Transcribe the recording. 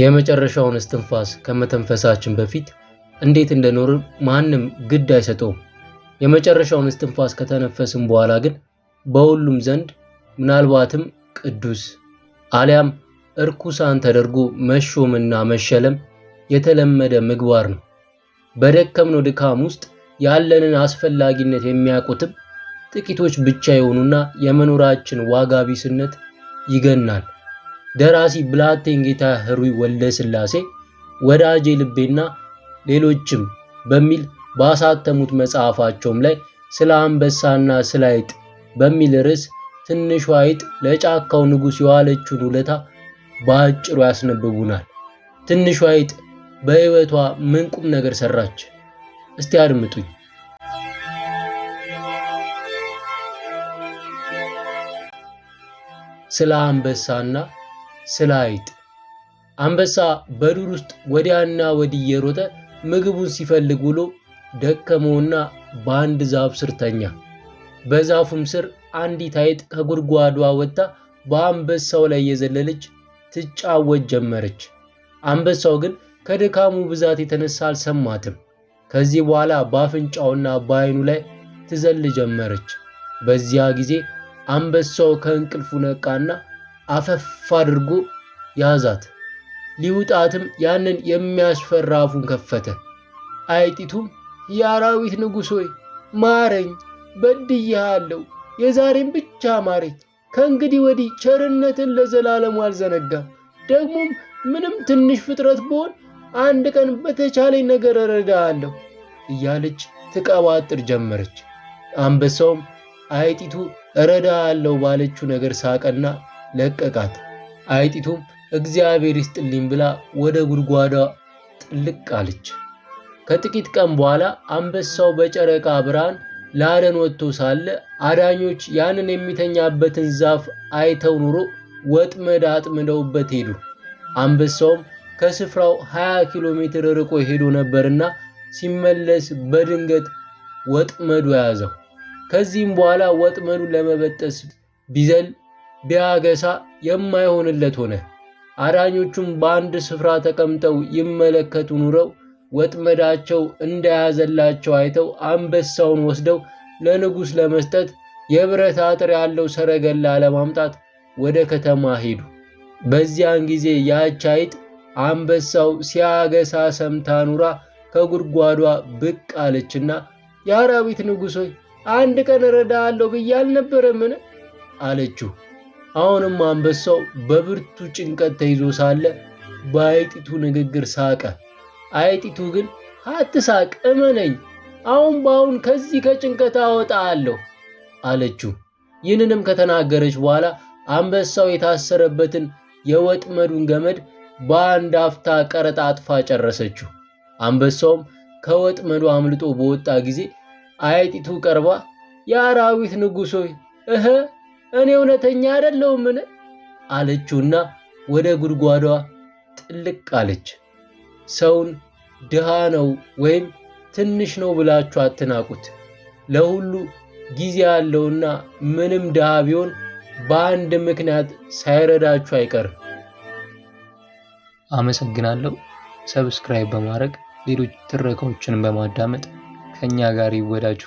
የመጨረሻውን እስትንፋስ ከመተንፈሳችን በፊት እንዴት እንደኖርን ማንም ግድ አይሰጠውም። የመጨረሻውን እስትንፋስ ከተነፈስን በኋላ ግን በሁሉም ዘንድ ምናልባትም ቅዱስ አሊያም እርኩሳን ተደርጎ መሾምና መሸለም የተለመደ ምግባር ነው። በደከምነው ድካም ውስጥ ያለንን አስፈላጊነት የሚያውቁትም ጥቂቶች ብቻ የሆኑና የመኖራችን ዋጋ ቢስነት ይገናል። ደራሲ ብላቴን ጌታ ህሩይ ወልደ ስላሴ ወዳጄ ልቤና ሌሎችም በሚል ባሳተሙት መጽሐፋቸውም ላይ ስለ አንበሳና ስለ አይጥ በሚል ርዕስ ትንሿ አይጥ ለጫካው ንጉሥ የዋለችውን ውለታ በአጭሩ ያስነብቡናል። ትንሿ አይጥ በሕይወቷ ምን ቁም ነገር ሰራች? እስቲ አድምጡኝ። ስለ አንበሳና ስለ አይጥ አንበሳ በዱር ውስጥ ወዲያና ወዲህ እየሮጠ ምግቡን ሲፈልግ ውሎ ደከመውና በአንድ ዛፍ ስር ተኛ። በዛፉም ስር አንዲት አይጥ ከጉድጓዷ ወጥታ በአንበሳው ላይ የዘለለች ትጫወት ጀመረች። አንበሳው ግን ከድካሙ ብዛት የተነሳ አልሰማትም። ከዚህ በኋላ በአፍንጫውና በአይኑ ላይ ትዘል ጀመረች። በዚያ ጊዜ አንበሳው ከእንቅልፉ ነቃና አፈፍ አድርጎ ያዛት። ሊውጣትም ያንን የሚያስፈራ አፉን ከፈተ። አይጢቱም የአራዊት ንጉሥ ሆይ ማረኝ፣ በድዬሃለሁ፣ የዛሬን ብቻ ማረኝ። ከእንግዲህ ወዲህ ቸርነትን ለዘላለሙ አልዘነጋም። ደግሞም ምንም ትንሽ ፍጥረት ብሆን አንድ ቀን በተቻለኝ ነገር እረዳሃለሁ እያለች ትቀባጥር ጀመረች። አንበሳውም አይጢቱ እረዳሃለሁ ባለችው ነገር ሳቀና ለቀቃት። አይጢቱም እግዚአብሔር ይስጥልኝ ብላ ወደ ጉድጓዷ ጥልቅ አለች። ከጥቂት ቀን በኋላ አንበሳው በጨረቃ ብርሃን ለአደን ወጥቶ ሳለ አዳኞች ያንን የሚተኛበትን ዛፍ አይተው ኑሮ ወጥመድ አጥምደውበት ሄዱ። አንበሳውም ከስፍራው 20 ኪሎ ሜትር ርቆ ሄዶ ነበርና ሲመለስ በድንገት ወጥመዱ ያዘው። ከዚህም በኋላ ወጥመዱ ለመበጠስ ቢዘል ቢያገሳ የማይሆንለት ሆነ። አዳኞቹም በአንድ ስፍራ ተቀምጠው ይመለከቱ ኑረው ወጥመዳቸው እንደያዘላቸው አይተው አንበሳውን ወስደው ለንጉሥ ለመስጠት የብረት አጥር ያለው ሰረገላ ለማምጣት ወደ ከተማ ሄዱ። በዚያን ጊዜ ያች አይጥ አንበሳው ሲያገሳ ሰምታ ኑራ ከጉድጓዷ ብቅ አለችና የአራዊት ንጉሥ ሆይ አንድ ቀን እረዳሃለሁ ብዬ አልነበረምን? አለችው። አሁንም አንበሳው በብርቱ ጭንቀት ተይዞ ሳለ በአይጢቱ ንግግር ሳቀ። አይጢቱ ግን አትሳቅ፣ እመነኝ፣ አሁን በአሁን ከዚህ ከጭንቀት አወጣለሁ አለችው። ይህንንም ከተናገረች በኋላ አንበሳው የታሰረበትን የወጥመዱን ገመድ በአንድ አፍታ ቀረጣ አጥፋ ጨረሰችው። አንበሳውም ከወጥመዱ አምልጦ በወጣ ጊዜ አይጢቱ ቀርባ የአራዊት ንጉሶ እህ እኔ እውነተኛ አይደለሁምን? አለችውና ወደ ጉድጓዷ ጥልቅ አለች። ሰውን ድሃ ነው ወይም ትንሽ ነው ብላችሁ አትናቁት። ለሁሉ ጊዜ ያለውና ምንም ድሃ ቢሆን በአንድ ምክንያት ሳይረዳችሁ አይቀርም። አመሰግናለሁ። ሰብስክራይብ በማድረግ ሌሎች ትረካዎችን በማዳመጥ ከእኛ ጋር ይወዳጁ።